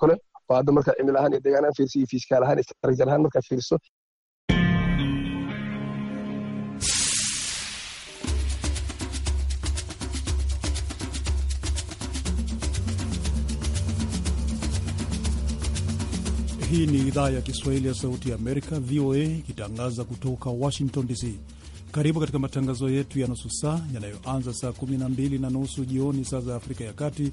kale waa marka cimil ahaan iyo e degaan ahaan fiirso iyo fiiskaal ahaan iyo istaraajal ahaan markaa fiirso Hii ni idhaa ya Kiswahili ya Sauti ya Amerika, VOA, ikitangaza kutoka Washington DC. Karibu katika matangazo yetu ya nusu saa yanayoanza saa 12 na nusu jioni saa za Afrika ya Kati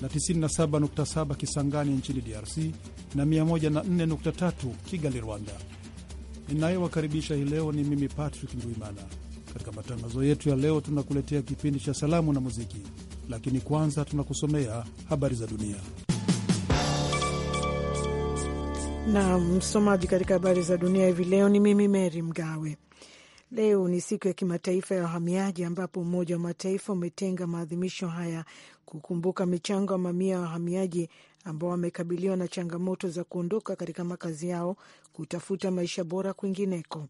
na 97.7 Kisangani nchini DRC na 104.3 Kigali, Rwanda. Ninayowakaribisha hii leo ni mimi Patrick Ndwimana. Katika matangazo yetu ya leo, tunakuletea kipindi cha salamu na muziki, lakini kwanza tunakusomea habari za dunia na msomaji katika habari za dunia hivi leo ni mimi Meri Mgawe. Leo ni siku ya kimataifa ya wahamiaji, ambapo Umoja wa Mataifa umetenga maadhimisho haya kukumbuka michango ya mamia ya wahamiaji ambao wamekabiliwa na changamoto za kuondoka katika makazi yao kutafuta maisha bora kwingineko.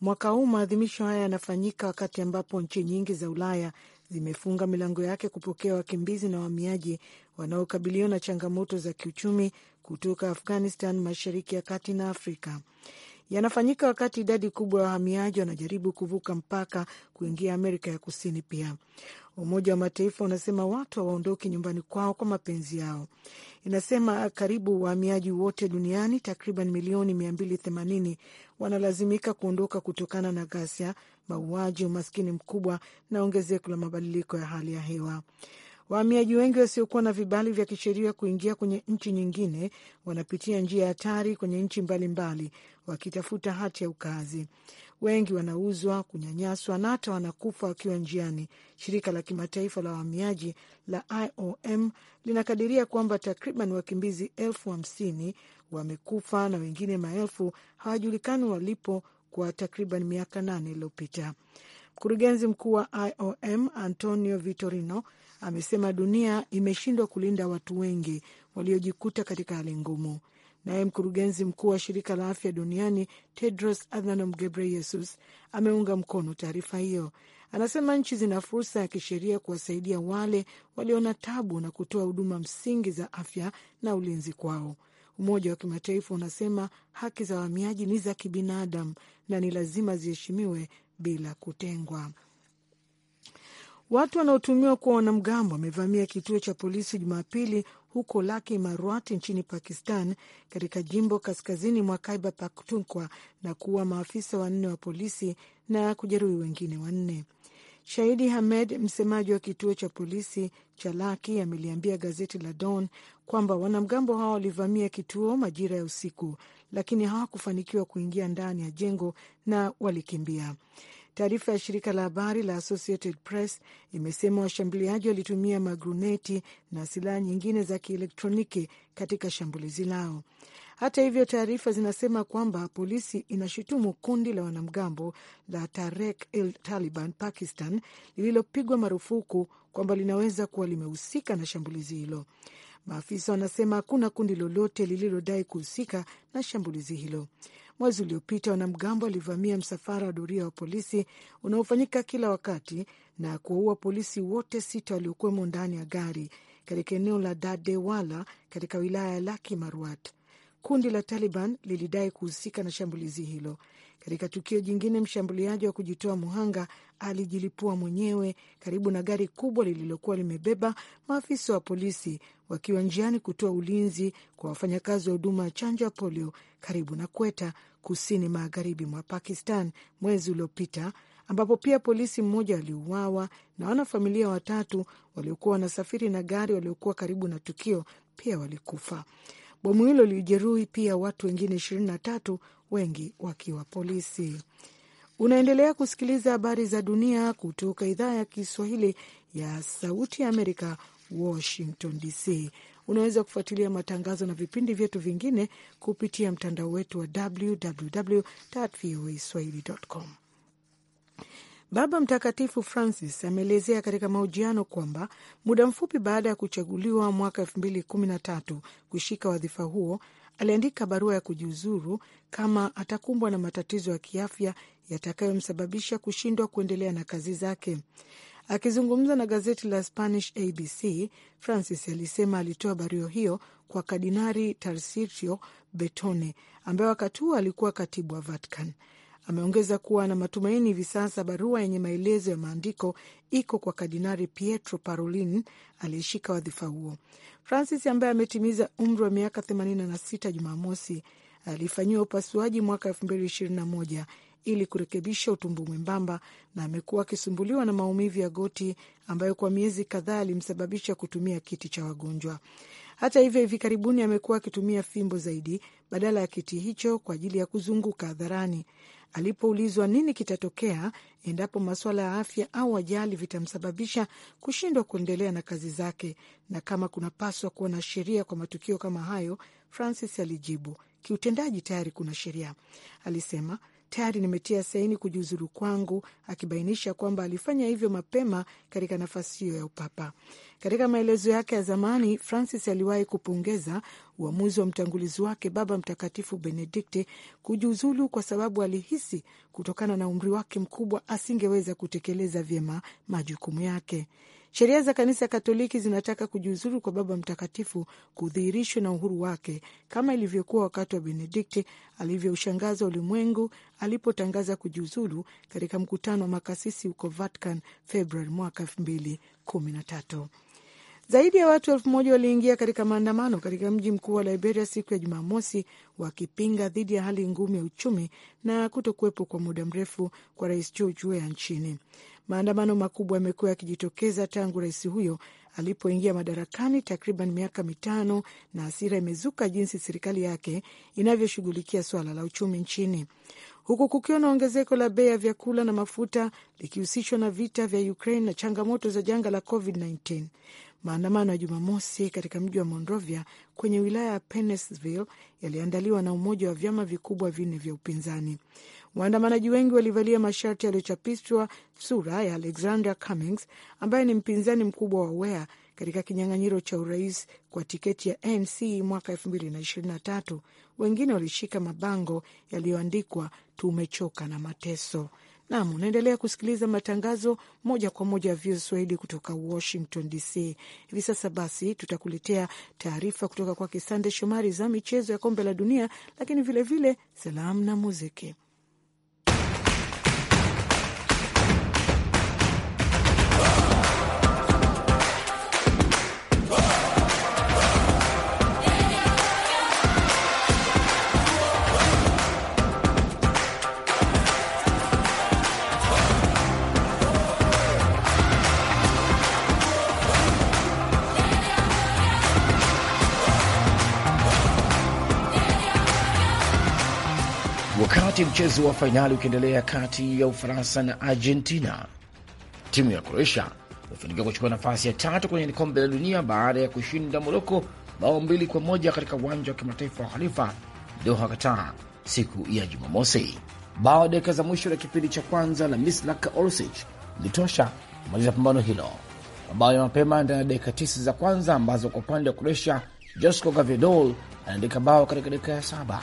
Mwaka huu maadhimisho haya yanafanyika wakati ambapo nchi nyingi za Ulaya zimefunga milango yake kupokea wakimbizi na wahamiaji wanaokabiliwa na changamoto za kiuchumi kutoka Afghanistan, Mashariki ya Kati na Afrika yanafanyika wakati idadi kubwa ya wahamiaji wanajaribu kuvuka mpaka kuingia Amerika ya Kusini. Pia Umoja wa Mataifa unasema watu hawaondoki nyumbani kwao kwa mapenzi yao. Inasema karibu wahamiaji wote duniani takriban milioni 280 wanalazimika kuondoka kutokana na ghasia, mauaji, umaskini mkubwa na ongezeko la mabadiliko ya hali ya hewa. Wahamiaji wengi wasiokuwa na vibali vya kisheria kuingia kwenye nchi nyingine wanapitia njia hatari kwenye nchi mbalimbali, wakitafuta hati ya ukaazi. Wengi wanauzwa, kunyanyaswa na hata wanakufa wakiwa njiani. Shirika la kimataifa la wahamiaji la IOM linakadiria kwamba takriban wakimbizi elfu hamsini wamekufa na wengine maelfu hawajulikani walipo kwa takriban miaka nane iliyopita. Mkurugenzi mkuu wa IOM Antonio Vitorino amesema dunia imeshindwa kulinda watu wengi waliojikuta katika hali ngumu. Naye mkurugenzi mkuu wa shirika la afya duniani Tedros Adhanom Ghebreyesus ameunga mkono taarifa hiyo. Anasema nchi zina fursa ya kisheria kuwasaidia wale waliona tabu na kutoa huduma msingi za afya na ulinzi kwao. Umoja wa Kimataifa unasema haki za wahamiaji ni za kibinadamu na ni lazima ziheshimiwe bila kutengwa. Watu wanaotumiwa kuwa wanamgambo wamevamia kituo cha polisi Jumapili huko Laki Marwati nchini Pakistan, katika jimbo kaskazini mwa kaiba Paktunkwa na kuua maafisa wanne wa polisi na kujeruhi wengine wanne. Shahidi Hamed, msemaji wa kituo cha polisi cha Laki, ameliambia gazeti la don kwamba wanamgambo hao walivamia kituo majira ya usiku, lakini hawakufanikiwa kuingia ndani ya jengo na walikimbia. Taarifa ya shirika la habari la Associated Press imesema washambuliaji walitumia magruneti na silaha nyingine za kielektroniki katika shambulizi lao. Hata hivyo, taarifa zinasema kwamba polisi inashutumu kundi la wanamgambo la Tarek el Taliban Pakistan lililopigwa marufuku kwamba linaweza kuwa limehusika na shambulizi hilo. Maafisa wanasema hakuna kundi lolote lililodai kuhusika na shambulizi hilo. Mwezi uliopita wanamgambo walivamia msafara wa doria wa polisi unaofanyika kila wakati na kuwaua polisi wote sita waliokuwemo ndani ya gari katika eneo la Dadewala katika wilaya ya Laki Marwat. Kundi la Taliban lilidai kuhusika na shambulizi hilo. Katika tukio jingine, mshambuliaji wa kujitoa muhanga alijilipua mwenyewe karibu na gari kubwa lililokuwa limebeba maafisa wa polisi wakiwa njiani kutoa ulinzi kwa wafanyakazi wa huduma ya chanjo ya polio karibu na Kweta, kusini magharibi mwa Pakistan mwezi uliopita, ambapo pia polisi mmoja waliuawa na wanafamilia watatu waliokuwa wanasafiri na gari waliokuwa karibu na tukio pia walikufa. Bomu hilo lilijeruhi pia watu wengine ishirini na tatu, wengi wakiwa polisi. Unaendelea kusikiliza habari za dunia kutoka idhaa ya Kiswahili ya Sauti ya Amerika, Washington DC. Unaweza kufuatilia matangazo na vipindi vyetu vingine kupitia mtandao wetu wa www voa swahili.com. Baba Mtakatifu Francis ameelezea katika mahojiano kwamba muda mfupi baada ya kuchaguliwa mwaka elfu mbili kumi na tatu kushika wadhifa huo aliandika barua ya kujiuzuru kama atakumbwa na matatizo ya kiafya yatakayomsababisha kushindwa kuendelea na kazi zake. Akizungumza na gazeti la Spanish ABC, Francis alisema alitoa barua hiyo kwa Kardinari Tarsitio Betone ambaye wakati huo alikuwa katibu wa Vatican. Ameongeza kuwa na matumaini hivi sasa barua yenye maelezo ya maandiko iko kwa Kardinari Pietro Parolin aliyeshika wadhifa huo. Francis ambaye ametimiza umri wa miaka 86 Jumamosi alifanyiwa upasuaji mwaka 2021 ili kurekebisha utumbo mwembamba na amekuwa akisumbuliwa na maumivu ya goti ambayo kwa miezi kadhaa alimsababisha kutumia kiti cha wagonjwa. Hata hivyo, hivi karibuni amekuwa akitumia fimbo zaidi badala ya kiti hicho kwa ajili ya kuzunguka hadharani. Alipoulizwa nini kitatokea endapo masuala ya afya au ajali vitamsababisha kushindwa kuendelea na kazi zake na kama kunapaswa kuwa na sheria kwa matukio kama hayo, Francis alijibu, kiutendaji tayari kuna sheria. Alisema tayari nimetia saini kujiuzuru kwangu, akibainisha kwamba alifanya hivyo mapema katika nafasi hiyo ya upapa. Katika maelezo yake ya zamani, Francis aliwahi kupongeza uamuzi wa mtangulizi wake Baba Mtakatifu Benedikti kujiuzulu kwa sababu alihisi kutokana na umri wake mkubwa asingeweza kutekeleza vyema majukumu yake. Sheria za Kanisa Katoliki zinataka kujiuzuru kwa Baba Mtakatifu kudhihirishwe na uhuru wake kama ilivyokuwa wakati wa Benedikti alivyoushangaza ulimwengu alipotangaza kujiuzulu katika mkutano wa makasisi huko Vatican Februari mwaka elfu mbili kumi na tatu. Zaidi ya watu elfu moja waliingia katika maandamano katika mji mkuu wa Liberia siku ya Jumamosi wakipinga dhidi ya hali ngumu ya uchumi na kutokuwepo kwa muda mrefu kwa rais George Weah nchini. Maandamano makubwa yamekuwa yakijitokeza tangu rais huyo alipoingia madarakani takriban miaka mitano, na hasira imezuka jinsi serikali yake inavyoshughulikia swala la uchumi nchini, huku kukiwa na ongezeko la bei ya vyakula na mafuta likihusishwa na vita vya Ukraine na changamoto za janga la COVID-19. Maandamano ya Jumamosi katika mji wa Monrovia kwenye wilaya ya Pennsville yaliandaliwa na umoja wa vyama vikubwa vinne vya upinzani. Waandamanaji wengi walivalia masharti yaliyochapishwa sura ya Alexander Cummings ambaye ni mpinzani mkubwa wa Wea katika kinyang'anyiro cha urais kwa tiketi ya ANC mwaka tatu. Wengine walishika mabango yaliyoandikwa tumechoka na mateso. Nam, unaendelea kusikiliza matangazo moja kwa moja ya VOA Swahili kutoka Washington DC. Hivi sasa basi, tutakuletea taarifa kutoka kwake Sande Shomari za michezo ya kombe la dunia, lakini vilevile salamu na muziki. Wakati mchezo wa fainali ukiendelea kati ya Ufaransa na Argentina, timu ya Kroatia imefanikiwa kuchukua nafasi ya tatu kwenye kombe la dunia baada ya kushinda Moroko bao mbili kwa moja katika uwanja wa kimataifa wa Khalifa Doha, Qatar, siku ya Jumamosi. Bao dakika za mwisho la kipindi cha kwanza la Mislak olsich ilitosha kumaliza pambano hilo. Mabao ya mapema ndani ya dakika tisa za kwanza ambazo kwa upande wa Kroatia Josko Gavedol anaandika bao katika dakika ya saba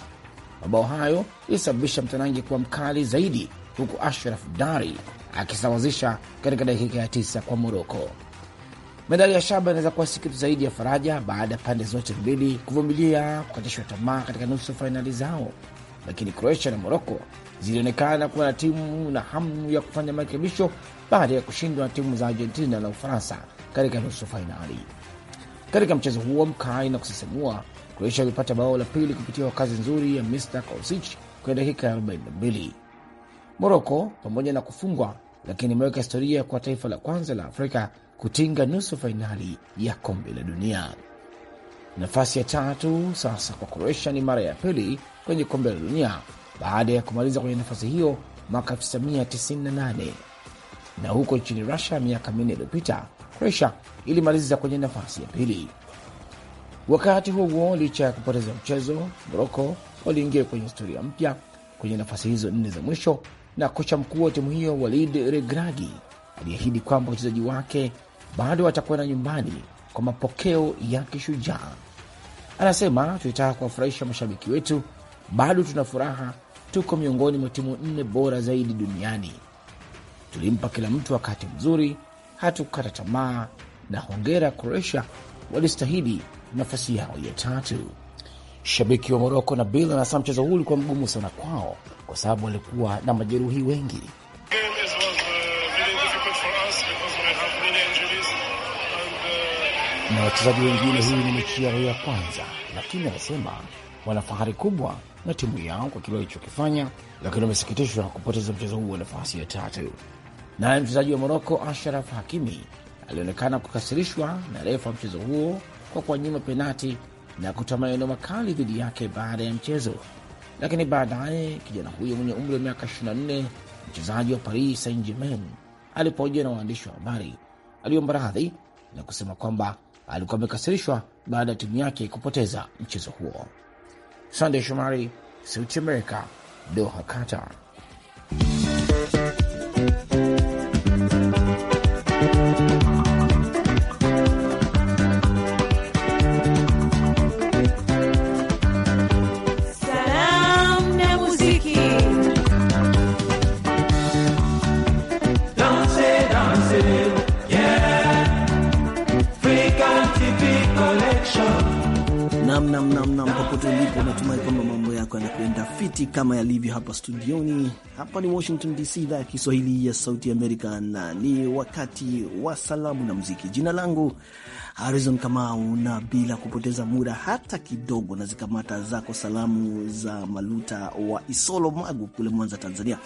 Mabao hayo ilisababisha mtanangi kuwa mkali zaidi, huku Ashraf Dari akisawazisha katika dakika ya tisa kwa Moroko. Medali ya shaba inaweza kuwa sikitu zaidi ya faraja baada ya pande zote mbili kuvumilia kukatishwa tamaa katika nusu fainali zao, lakini Kroatia na Moroko zilionekana kuwa na timu na hamu ya kufanya marekebisho baada ya kushindwa na timu za Argentina na Ufaransa katika nusu fainali. Katika mchezo huo mkali na kusisimua, Croatia ilipata bao la pili kupitia kazi nzuri ya Mr Kausich kwenye dakika ya 42. Moroko pamoja na kufungwa, lakini imeweka historia kwa taifa la kwanza la Afrika kutinga nusu fainali ya kombe la dunia. Nafasi ya tatu sasa kwa Croatia ni mara ya pili kwenye kombe la dunia baada ya kumaliza kwenye nafasi hiyo mwaka 1998 na huko nchini Rusia miaka minne iliyopita Croatia ilimaliza kwenye nafasi ya pili. Wakati huo huo, licha ya kupoteza mchezo, Moroko waliingia kwenye historia mpya kwenye nafasi hizo nne za mwisho, na kocha mkuu wa timu hiyo Walid Regragi aliahidi kwamba wachezaji wake bado watakwenda nyumbani kwa mapokeo ya kishujaa. Anasema, tulitaka kuwafurahisha mashabiki wetu, bado tuna furaha, tuko miongoni mwa timu nne bora zaidi duniani. Tulimpa kila mtu wakati mzuri, hatukukata tamaa, na hongera Croatia, walistahili nafasi yao ya tatu. Shabiki wa Moroko Nabil anasema mchezo huu ulikuwa mgumu sana kwao kwa sababu walikuwa na majeruhi wengi. na wachezaji wengine. Hii ni mechi yao ya kwanza, lakini anasema wana fahari kubwa na timu yao kwa kile walichokifanya, lakini wamesikitishwa kupoteza mchezo huu wa nafasi ya tatu. Naye mchezaji wa Moroko Ashraf Hakimi alionekana kukasirishwa na refa mchezo huo kwa kuwanyima penati na kutoa maneno makali dhidi yake baada ya mchezo, lakini baadaye kijana huyo mwenye umri wa miaka 24 mchezaji wa Paris Saint Germain alipohojiwa na waandishi wa habari aliomba radhi na kusema kwamba alikuwa amekasirishwa baada ya timu yake kupoteza mchezo huo. Sandey Shomari, Sauti Amerika, Doha, Qatar. namnamnam popote ulipo, natumai kwamba mambo yako yanakwenda fiti kama yalivyo hapa studioni. Hapa ni Washington DC, idhaa ya Kiswahili ya Sauti Amerika, na ni wakati wa salamu na muziki. Jina langu Harizon Kamau, na bila kupoteza muda hata kidogo, na zikamata zako salamu za Maluta wa Isolo Magu kule Mwanza, Tanzania.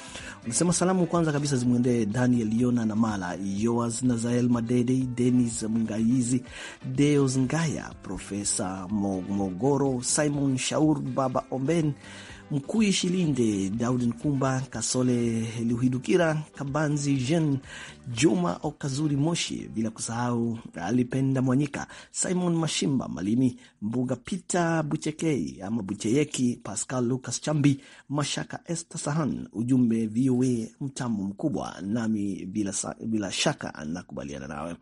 Unasema salamu kwanza kabisa zimwendee Daniel Yona na Mala Yoas, Nazael Madede, Denis Mngaizi, Deos Ngaya, Profesa Mogoro, Simon Shaur, Baba Omben Mkui Shilinde, Daudi Nkumba, Kasole Luhidukira, Kabanzi Jean, Juma Okazuri Moshi, bila kusahau Alipenda Mwanyika, Simon Mashimba Malimi, Mbuga Peter Buchekei ama Bucheyeki, Pascal Lucas Chambi, Mashaka Esther Sahan. Ujumbe VOA mtambo mkubwa, nami bila, bila shaka nakubaliana nawe.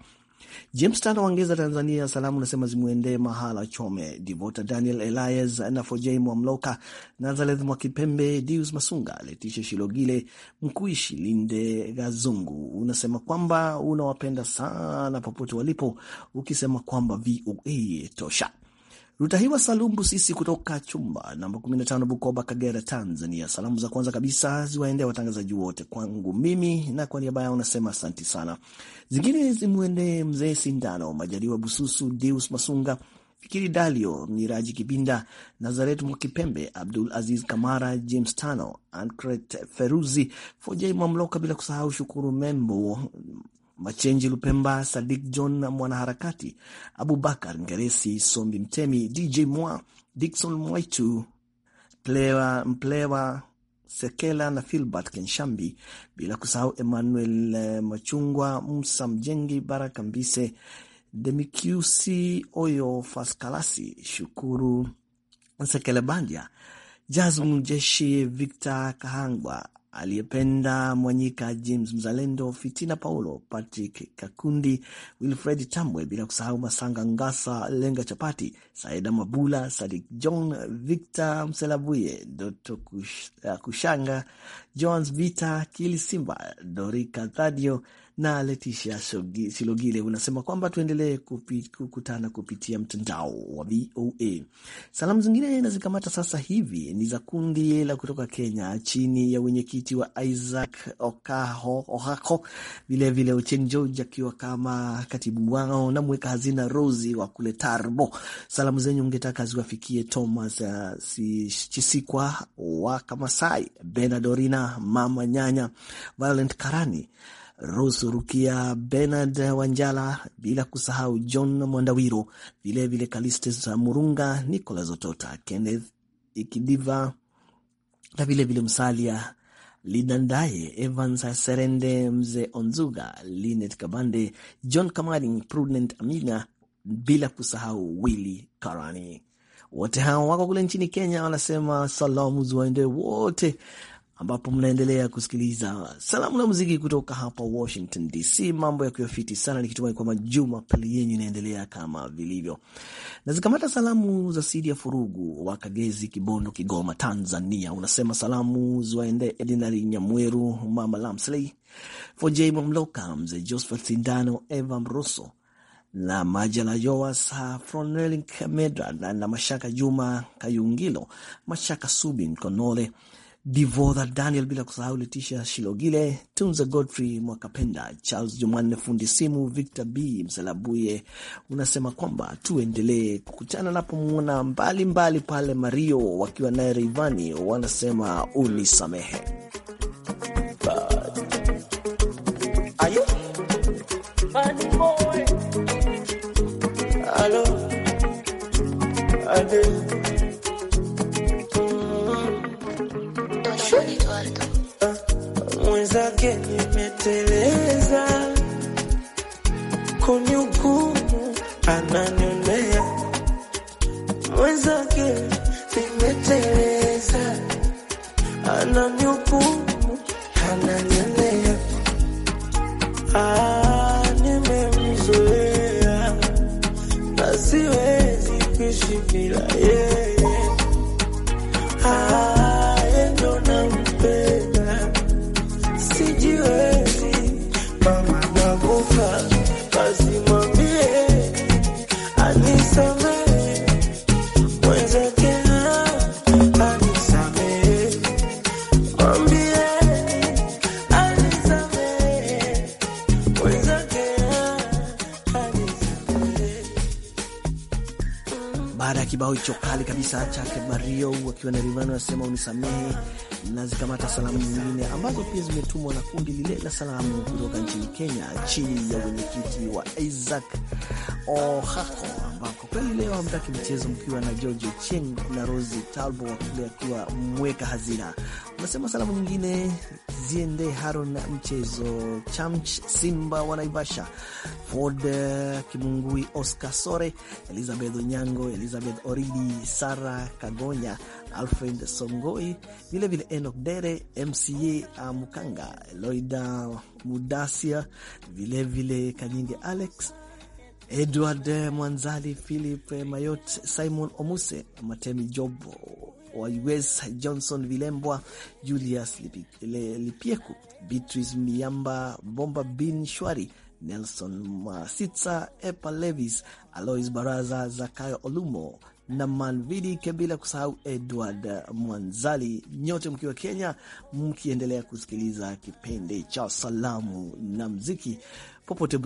James Tano wangeza Tanzania, salamu nasema zimwendee Mahala Chome, Divota Daniel Elias na Fojei Mwamloka, Nazareth Mwakipembe, Dius Masunga, Letisha Shilogile, Mkuishi Linde Gazungu. Unasema kwamba unawapenda sana popote walipo, ukisema kwamba VOA tosha. Rutahiwa Salumbu sisi kutoka chumba namba 15 Bukoba, Kagera, Tanzania. Salamu za kwanza kabisa ziwaendea watangazaji wote kwangu mimi na kwa niaba yao nasema asanti sana. Zingine zimwendee mzee Sindano Majaliwa, Bususu Deus Masunga, Fikiri Dalio, Miraji Kibinda, Nazaret Mwakipembe, Abdul Aziz Kamara, James Tano, Ancret Feruzi, Fojai Mamloka, bila kusahau Shukuru Membo Machenji Lupemba, Sadik John mwanaharakati, Abubakar Ngeresi, Sombi Mtemi, DJ Mwa, Dikson Mwaitu, Plewa Mplewa Sekela na Filbert Kenshambi, bila kusahau Emmanuel eh, Machungwa, Musa Mjengi, Baraka Mbise, Demikiusi Oyo, Faskalasi Shukuru Nsekelebanja, Jazmu Jeshi, Victor Kahangwa, Aliyependa Mwanyika, James Mzalendo, Fitina Paulo, Patrick Kakundi, Wilfred Tambwe, bila kusahau Masanga Ngasa, Lenga Chapati, Saida Mabula, Sadik John, Victor Mselabuye, Doto Kushanga, joans Vita, Kili Simba, Dorika Thadio na Leticia Silogile unasema kwamba tuendelee kupi, kukutana kupitia mtandao wa VOA. Salamu zingine nazikamata sasa hivi ni za kundi la kutoka Kenya chini ya wenyekiti wa Isaac Okaho, Ohako, vilevile Ochen George akiwa kama katibu wao na mweka hazina Rosi wa kule Tarbo. Salamu zenyu ungetaka ziwafikie Thomas uh, Chisikwa wa Kamasai, Benadorina mama nyanya Violent Karani Rusu Rukia, Benard Wanjala, bila kusahau John Mwandawiro, vilevile Kalistes Murunga, Nicolas Otota, Kenneth Ikidiva na vilevile Msalia Lidandaye, Evans Serende, Mzee Onzuga, Linet Kabande, John Kamarin, Prudent Amina, bila kusahau Willi Karani. Wote hao wako kule nchini Kenya, wanasema salamu ziwaende wote ambapo mnaendelea kusikiliza salamu na muziki kutoka hapa Washington DC, mambo yakiwa fiti sana, nikitumai kwamba Jumapili yenyu inaendelea kama vilivyo. Nazikamata salamu za Sidi ya Furugu wa Kagezi, Kibondo, Kigoma, Tanzania. Unasema salamu ziwaende Edinari Nyamweru, Mama Lamsley, Foje Mamloka, Mzee Josephat Sindano, Eva Mroso na Majala Yoas, Fronelin Kamedra na Mashaka Juma Kayungilo, Mashaka Subi Mkonole Divodha Daniel, bila kusahau Letisha Shilogile, Tunza Godfrey Mwakapenda, Charles Jumanne fundi simu, Victor B Msalabuye. Unasema kwamba tuendelee kukutana napomwona mbalimbali pale Mario wakiwa naye Reivani, wanasema unisamehe Bad. mwenzake nimeteleza baada ya kibao hicho kali kabisa chake Mario wakiwa na Rivano anasema unisamehe, na zikamata salamu nyingine ambazo pia zimetumwa na kundi lile la salamu kutoka nchini Kenya chini ya wenyekiti wa Isaac Ohako, ambako kweli leo hamtaki mchezo mkiwa na George Cheng na Rosi Talbo wakule akiwa mweka hazina. Unasema salamu nyingine ziende Haron mchezo Chamch Simba wa Naivasha Ford Kimungui, Oscar Sore, Elizabeth Onyango, Elizabeth Oridi, Sara Kagonya, Alfred Songoi, vilevile Enok Dere, MCA uh, Mukanga, Loida Mudasia, vilevile Kanyinge Alex Edward Mwanzali, Philip Mayot, Simon Omuse, Matemi Job wa US, Johnson Vilembwa, Julius Lipieku, Beatrice Miamba, Bomba Bin Shwari Nelson Masitsa, Epa Levis, Alois Baraza, Zakayo Olumo na Manvidi Kebila, kusahau Edward Mwanzali, nyote mkiwa Kenya, mkiendelea kusikiliza kipindi cha salamu na mziki popote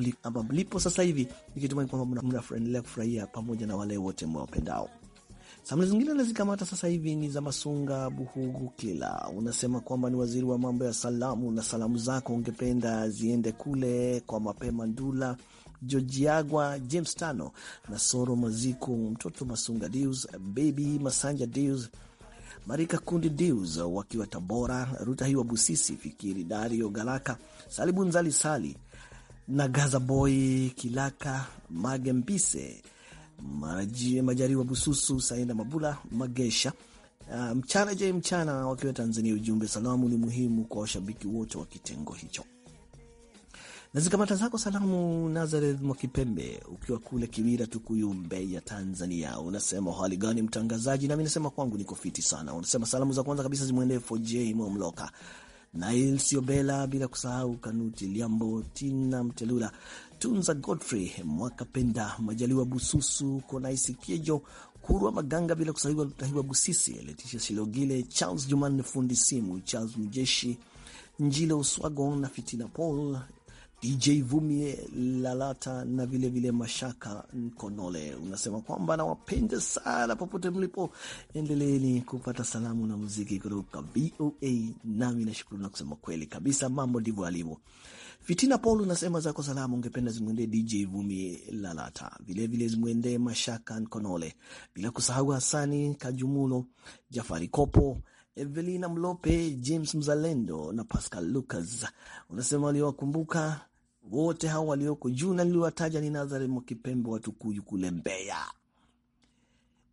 mlipo sasa hivi, nikitumai kwamba mnaendelea kufurahia pamoja na wale wote mwawapendao. Samli zingine nazikamata sasa hivi ni za Masunga buhugu kila Unasema kwamba ni waziri wa mambo ya salamu na salamu zako ungependa ziende kule kwa Mapema Ndula, Jojiagwa, James Tano na Soro maziku mtoto Masunga Deus, Baby Masanja Deus, Marika Kundi Deus wakiwa Tabora, Ruta Hiwa Busisi, Fikiri Dario Galaka, Salibunzali Sali na Gaza Boy Kilaka Magembise Majariwa Bususu, Saida Mabula Magesha, uh, mchana je mchana wakiwa Tanzania. Ujumbe salamu ni muhimu kwa washabiki wote wa kitengo hicho. Na zikamata zako salamu, Nazareth Mwakipembe, ukiwa kule Kiwira, Tukuyu, Mbeya, Tanzania. Unasema hali gani mtangazaji? Nami nasema kwangu niko fiti sana. Unasema salamu za kwanza kabisa zimwendee Foje Mwamloka, Nail Siobela, bila kusahau Kanuti Liambo, Tina Mtelula, Tunza Godfrey Mwakapenda Majaliwa Bususu Kiejo Kurwa Maganga, bila kusahiwa Lutahiwa Busisi, Letisha Silogile, Charles Jumanne fundi simu, Charles Mjeshi Njile Uswago na Fitina Paul DJ Vumie Lalata na vilevile vile Mashaka Nkonole unasema kwamba nawapenda sana popote mlipo, endeleeni kupata salamu na muziki kutoka VOA. Nami nashukuru na kusema kweli kabisa, mambo ndivyo alivyo. Fitina Paul unasema zako salamu ungependa zimwendee DJ Vumi Lalata, vilevile zimwendee Mashaka Nkonole, bila kusahau Hasani Kajumulo, Jafari Kopo, Evelina Mlope, James Mzalendo na Pascal Lucas. Unasema waliowakumbuka wote hao walioko juu na niliwataja ni Nazare Mwakipembe Watukuyu kule Mbeya.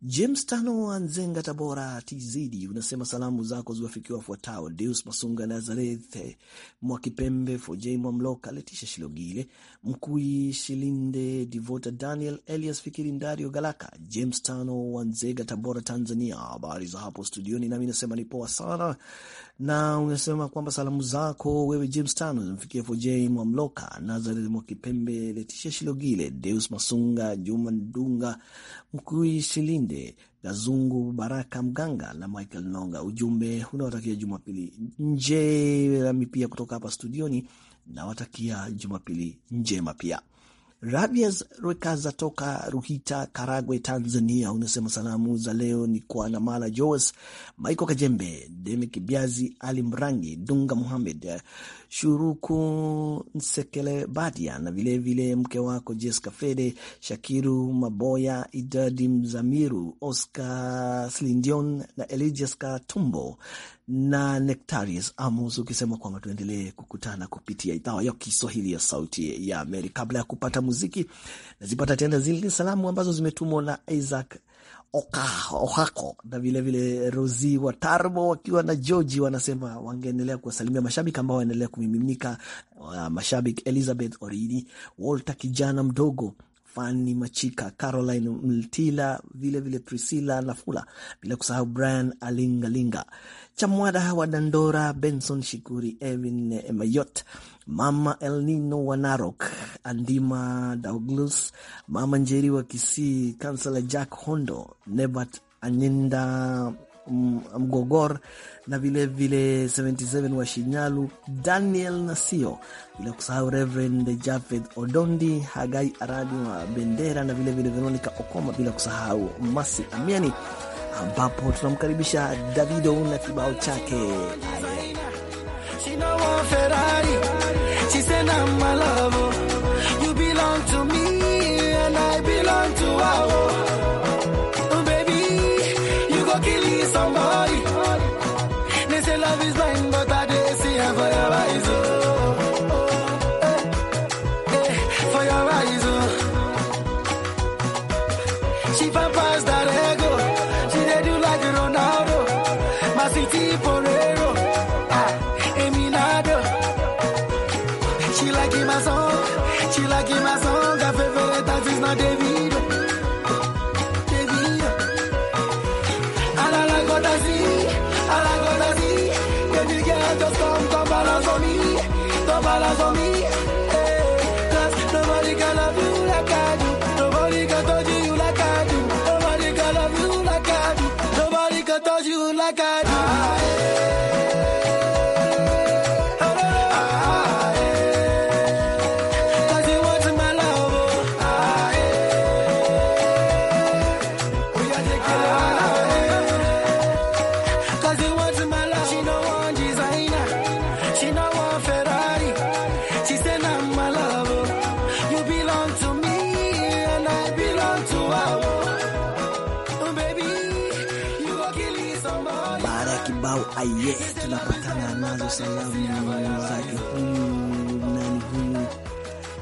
James Tano wa Nzenga, Tabora, TZ, unasema salamu zako ziwafikia wafuatao: Deus Masunga, Nazareth Mwakipembe, Fojei Mwamloka, Letisha Shilogile, Mkui Shilinde, Divota Daniel, Elias Fikiri, Ndario Galaka. James Tano wa Nzega, Tabora, Tanzania, habari za hapo studioni? Nami nasema ni poa sana, na unasema kwamba salamu zako wewe James Tano zimfikia Fojei Mwamloka, Nazareth Mwakipembe, Letisha Shilogile, Deus Masunga, Juma Ndunga, Mkui Shilinde Mtinde, Gazungu Baraka Mganga na Michael Nonga. Ujumbe unawatakia Jumapili njema. pia kutoka hapa studioni nawatakia Jumapili njema pia. Rabias Rwekaza toka Ruhita, Karagwe, Tanzania, unasema salamu za leo ni kwa Namala joes Maiko Kajembe, Demi Kibiazi, Ali Mrangi, Dunga Muhamed, Shuruku Nsekele Badia na vilevile vile mke wako Jessica Fede, Shakiru Maboya, Idadi Mzamiru, Oscar Slindion na Elijaska Tumbo na Nectarius Amus ukisema kwamba tuendelee kukutana kupitia idhaa ya Kiswahili ya Sauti ya Amerika. Kabla ya kupata muziki, nazipata tena zile salamu ambazo zimetumwa na Isaac Oka, Ohako na vilevile Rosi Tarbo wakiwa na Georgi wanasema wangeendelea kuwasalimia mashabiki ambao waendelea kumiminika, uh, mashabiki Elizabeth Orini, Walter kijana mdogo Fani Machika, Caroline mltila vilevile Priscilla Nafula, bila kusahau Brian Alingalinga, Chamwada wa Dandora, Benson Shikuri, Evin Mayot, Mama Elnino wa Narok, Andima Douglas, Mama Njeri wa Kisii, Kansela Jack Hondo, Nebat Anyenda Mgogor na vilevile 77 wa Shinyalu, Daniel Nasio, bila kusahau Reverend Jafed Odondi, Hagai Aradi wa Bendera na vilevile Veronica Okoma, bila kusahau Masi Amiani, ambapo tunamkaribisha Davido na kibao chake Give myself kibao aye, tunapatana nazo salamu zake huyu nani, huyu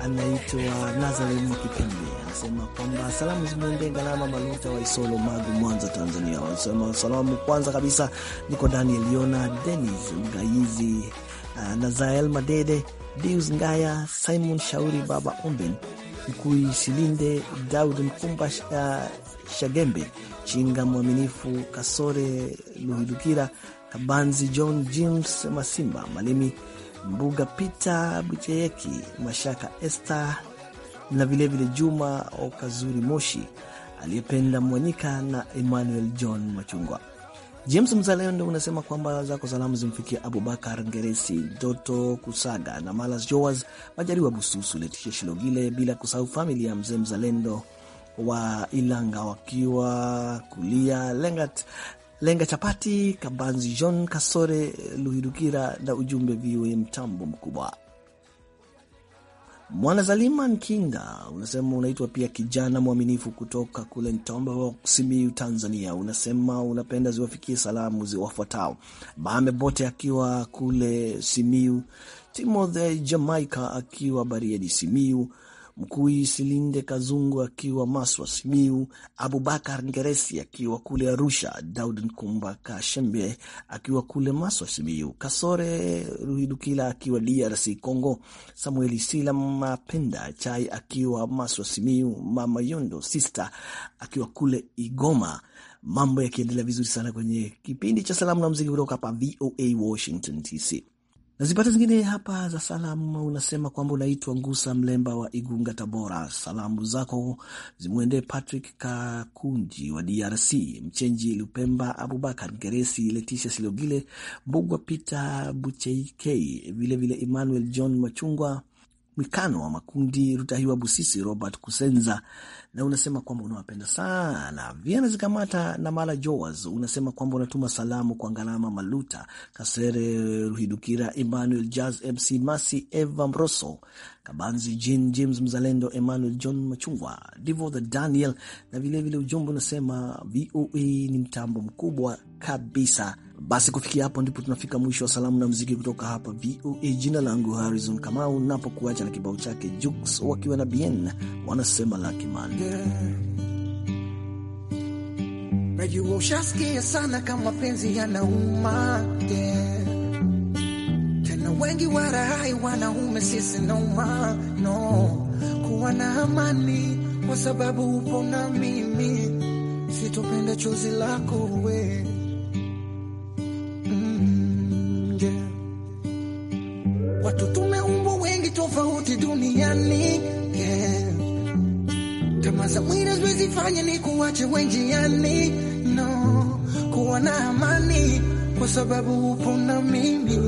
anaitwa Nazareth Mwakipembe anasema kwamba salamu zimwendee Galama Maluta wa Isolo, Magu, Mwanza, Tanzania. Wanasema salamu kwanza kabisa niko Daniel Yona, Denis Mgaizi, uh, Nazael Madede, Deus Ngaya, Simon Shauri, Baba umben Mkuisilinde, Daudi Mkumba, uh, Shagembe Chinga, Mwaminifu Kasore Luhidukira, Kabanzi John James Masimba, Malimi Mbuga, Peter Bucheyeki, Mashaka Esther na vilevile vile Juma Okazuri Moshi, Aliyependa Mwanyika na Emmanuel John Machungwa. James Mzalendo unasema kwamba zako salamu zimfikia Abubakar Ngeresi, toto Kusaga na Malas Joas Majariwa, Bususu Letishia Shilogile, bila kusahau familia ya mzee Mzalendo wa Ilanga wakiwa kulia Lengat Lenga Chapati, Kabanzi John Kasore luhidukira na ujumbe viwe mtambo mkubwa. Mwanazalima Kinga unasema unaitwa pia kijana mwaminifu kutoka kule Ntombo, simiu Tanzania. Unasema unapenda ziwafikie salamu ziwafuatao: Bame Bote akiwa kule simiu Timothy Jamaica akiwa Bariadi simiu Mkui Silinde Kazungu akiwa Maswa Simiu, Abubakar Ngeresi akiwa kule Arusha, Daud Nkumba Kashembe akiwa kule Maswa Simiu, Kasore Ruhidukila akiwa DRC Congo, Samueli Sila Mapenda Chai akiwa Maswa Simiu, Mama Yondo Sista akiwa kule Igoma. Mambo yakiendelea vizuri sana kwenye kipindi cha salamu na mziki kutoka hapa VOA Washington DC na zingine hapa za salamu. Unasema kwamba unaitwa Ngusa Mlemba wa Igunga, Tabora. Salamu zako zimwendee Patrick Kakunji wa DRC, Mchenji Lupemba, Abubakar Geresi, Leticia Silogile, Mbugwa Peter Bucheikei, vilevile Emmanuel John Machungwa mwikano wa makundi Rutahiwa Busisi Robert Kusenza, na unasema kwamba unawapenda sana Viana Zikamata na Mala Joas. Unasema kwamba unatuma salamu kwa Ngalama Maluta Kasere Ruhidukira, Emmanuel Jazz, MC Masi, Eva Mroso Kabanzi, Jean James Mzalendo, Emmanuel John Machungwa, Divo the Daniel, na vilevile ujumbe unasema VOA e ni mtambo mkubwa kabisa basi kufikia hapo ndipo tunafika mwisho wa salamu na mziki kutoka hapa VOA. Jina langu Harrison Kamau, napokuacha na kibao chake Jux wakiwa na Bien wanasema la kimande. Najua ushasikia sana kama mapenzi yanauma, Tena wengi warahai wanaume sisi nauma no, kuwa na amani kwa sababu upo na mimi, sitopenda chozi lako we kufanya ni kuwache wenjiani, no kuwa na amani, kwa sababu upo na mimi,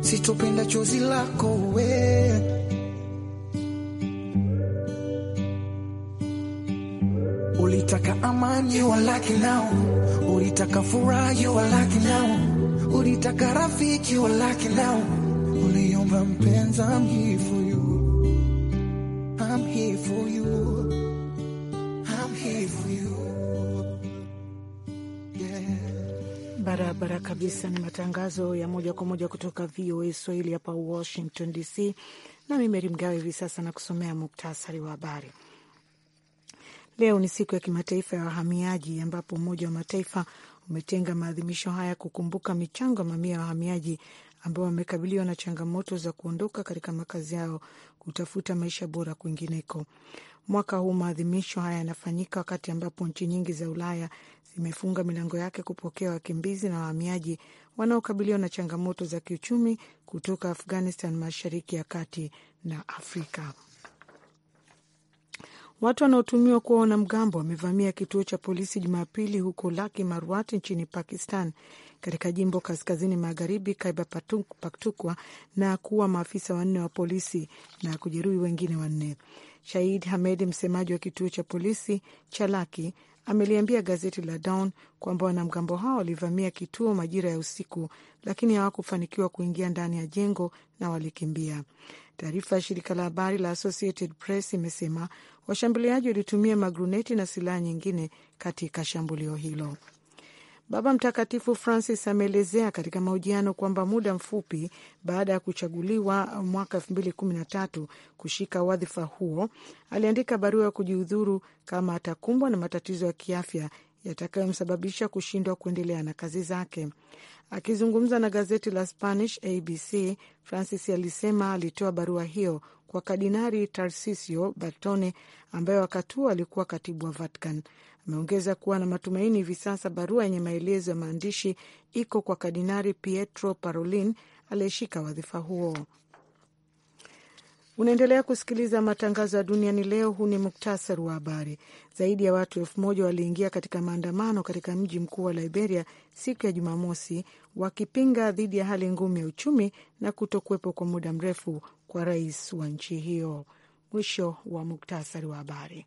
sitopenda chozi lako we Ulitaka amani you are lucky now. Ulitaka furaha you are lucky now. Ulitaka rafiki you are lucky now. Uliomba mpenza mhifu Barabara kabisa, ni matangazo ya moja kwa moja kutoka VOA Swahili hapa Washington DC, nami Meri Mgawe hivi sasa na kusomea muktasari wa habari. Leo ni siku ya kimataifa ya wahamiaji, ambapo Umoja wa Mataifa umetenga maadhimisho haya kukumbuka michango ya mamia ya wahamiaji ambao wamekabiliwa na changamoto za kuondoka katika makazi yao kutafuta maisha bora kwingineko. Mwaka huu maadhimisho haya yanafanyika wakati ambapo nchi nyingi za Ulaya zimefunga milango yake kupokea wakimbizi na wahamiaji wanaokabiliwa na changamoto za kiuchumi kutoka Afghanistan, Mashariki ya Kati na Afrika. Watu wanaotumiwa kuwa wanamgambo wamevamia kituo cha polisi Jumapili huko Laki Marwati nchini Pakistan, katika jimbo kaskazini magharibi Kaiba Paktukwa, na kuwa maafisa wanne wa polisi na kujeruhi wengine wanne. Shahid Hamed, msemaji wa kituo cha polisi cha Laki, ameliambia gazeti la Dawn kwamba wanamgambo hao walivamia kituo majira ya usiku, lakini hawakufanikiwa kuingia ndani ya jengo na walikimbia. Taarifa ya shirika la habari la Associated Press imesema washambuliaji walitumia magruneti na silaha nyingine katika shambulio hilo. Baba Mtakatifu Francis ameelezea katika mahojiano kwamba muda mfupi baada ya kuchaguliwa mwaka tatu kushika wadhifa huo, aliandika barua ya kujiudhuru kama atakumbwa na matatizo ya kiafya yatakayomsababisha kushindwa kuendelea na kazi zake. Akizungumza na gazeti la Spanish ABC, Francis alisema alitoa barua hiyo kwa Kardinari Tarsisio Bartone ambaye wakati huo alikuwa katibu wa Vatican ameongeza kuwa na matumaini hivi sasa barua yenye maelezo ya maandishi iko kwa Kardinari Pietro Parolin aliyeshika wadhifa huo. Unaendelea kusikiliza matangazo ya duniani leo. Huu ni muktasari wa habari. Zaidi ya watu elfu moja waliingia katika maandamano katika mji mkuu wa Liberia siku ya Jumamosi wakipinga dhidi ya hali ngumu ya uchumi na kutokuwepo kwa muda mrefu kwa rais wa nchi hiyo. Mwisho wa muktasari wa habari.